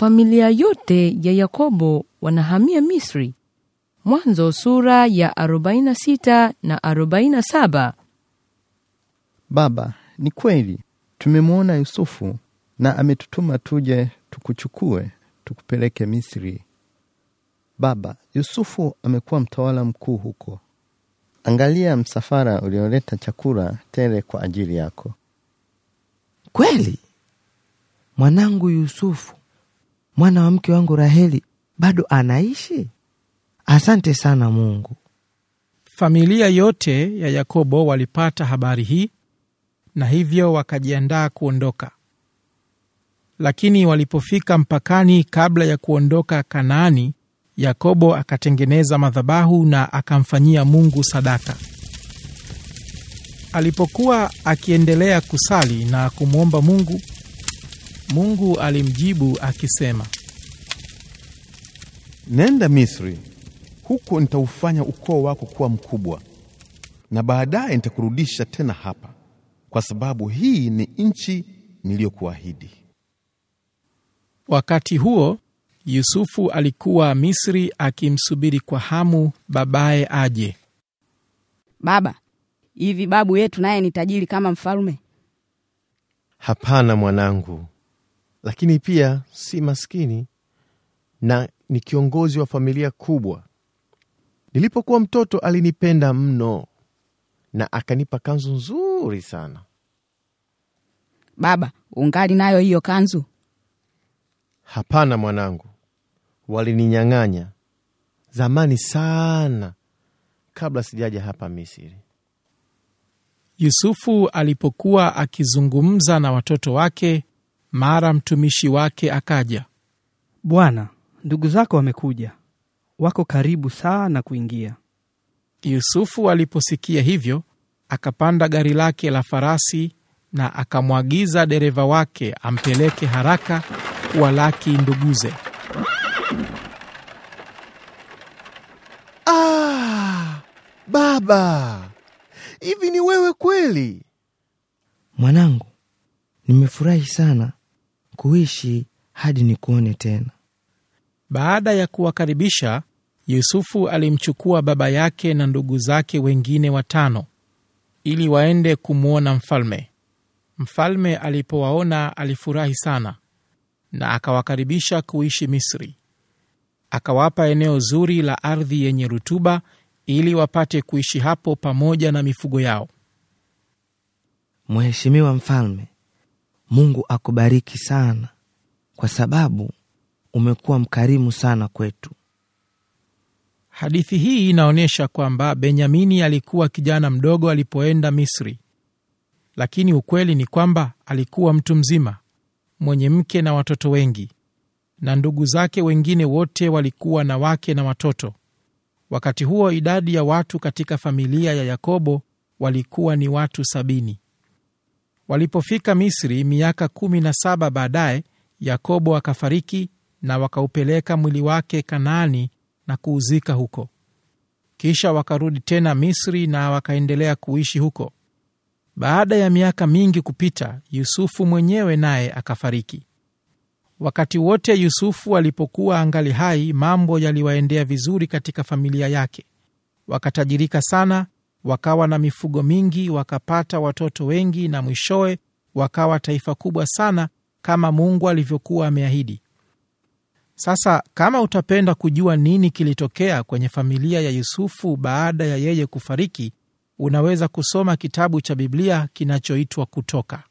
Familia yote ya Yakobo wanahamia Misri. Mwanzo sura ya 46 na 47. Baba, ni kweli tumemwona Yusufu na ametutuma tuje tukuchukue tukupeleke Misri. Baba, Yusufu amekuwa mtawala mkuu huko. Angalia msafara ulioleta chakula tele kwa ajili yako. Kweli mwanangu Yusufu mwana wa mke wangu Raheli bado anaishi? Asante sana Mungu. Familia yote ya Yakobo walipata habari hii na hivyo wakajiandaa kuondoka, lakini walipofika mpakani, kabla ya kuondoka Kanaani, Yakobo akatengeneza madhabahu na akamfanyia Mungu sadaka. Alipokuwa akiendelea kusali na kumwomba Mungu, Mungu alimjibu akisema, nenda Misri, huko nitaufanya ukoo wako kuwa mkubwa, na baadaye nitakurudisha tena hapa, kwa sababu hii ni nchi niliyokuahidi. Wakati huo Yusufu alikuwa Misri akimsubiri kwa hamu babaye aje. Baba, hivi babu yetu naye ni tajiri kama mfalme? Hapana mwanangu, lakini pia si maskini na ni kiongozi wa familia kubwa. Nilipokuwa mtoto alinipenda mno na akanipa kanzu nzuri sana. Baba, ungali nayo hiyo kanzu? Hapana mwanangu, walininyang'anya zamani sana, kabla sijaja hapa Misri. Yusufu alipokuwa akizungumza na watoto wake, mara mtumishi wake akaja. Bwana, ndugu zako wamekuja, wako karibu sana kuingia. Yusufu aliposikia hivyo, akapanda gari lake la farasi na akamwagiza dereva wake ampeleke haraka kuwalaki nduguze. Ah, baba, hivi ni wewe kweli? Mwanangu, nimefurahi sana kuishi hadi nikuone tena. Baada ya kuwakaribisha, Yusufu alimchukua baba yake na ndugu zake wengine watano ili waende kumwona mfalme. Mfalme alipowaona alifurahi sana na akawakaribisha kuishi Misri. Akawapa eneo zuri la ardhi yenye rutuba ili wapate kuishi hapo pamoja na mifugo yao. Mheshimiwa Mfalme, Mungu akubariki sana kwa sababu umekuwa mkarimu sana kwetu. Hadithi hii inaonyesha kwamba Benyamini alikuwa kijana mdogo alipoenda Misri, lakini ukweli ni kwamba alikuwa mtu mzima mwenye mke na watoto wengi, na ndugu zake wengine wote walikuwa na wake na watoto. Wakati huo idadi ya watu katika familia ya Yakobo walikuwa ni watu sabini. Walipofika Misri miaka kumi na saba baadaye, Yakobo akafariki na wakaupeleka mwili wake Kanaani na kuuzika huko. Kisha wakarudi tena Misri na wakaendelea kuishi huko. Baada ya miaka mingi kupita, Yusufu mwenyewe naye akafariki. Wakati wote Yusufu alipokuwa angali hai, mambo yaliwaendea vizuri katika familia yake. Wakatajirika sana, wakawa na mifugo mingi, wakapata watoto wengi, na mwishowe wakawa taifa kubwa sana kama Mungu alivyokuwa ameahidi. Sasa kama utapenda kujua nini kilitokea kwenye familia ya Yusufu baada ya yeye kufariki, unaweza kusoma kitabu cha Biblia kinachoitwa Kutoka.